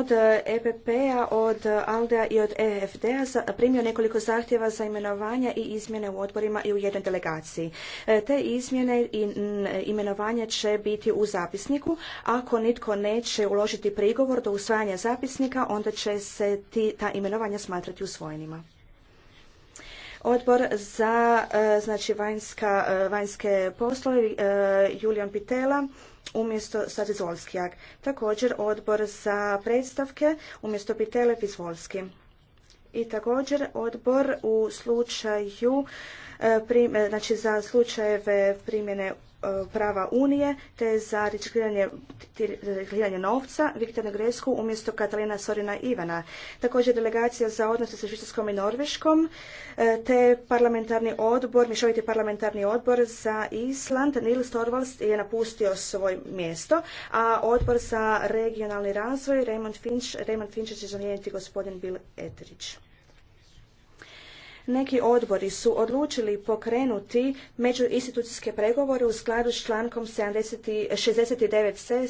od EPP-a, e od ALDE-a i od EFD-a primio nekoliko zahtjeva za imenovanja i izmjene u odborima i u jednoj delegaciji. E, te izmjene i imenovanje će biti u zapisniku. Ako nitko neće uložiti prigovor do usvajanja zapisnika, onda će se ta imenovanja smatrati usvojenima. Odbor za e, znači vanjska, e, vanjske poslove e, Julian Pitela umjesto Sarizolskijak. Također odbor za predstavke umjesto Pitele Pizvolski. I također odbor u slučaju znači za slučajeve primjene e, prava Unije, te za recikliranje, novca Viktor Negresku umjesto Katalina Sorina Ivana. Također delegacija za odnose sa Švicarskom i Norveškom, e, te parlamentarni odbor, mišoviti parlamentarni odbor za Island, Nils Torvalds je napustio svoje mjesto, a odbor za regionalni razvoj, Raymond Finch, Raymond Finch će zamijeniti gospodin Bill etrich. Neki odbori su odlučili pokrenuti međuinstitucijske pregovore u skladu s člankom 69c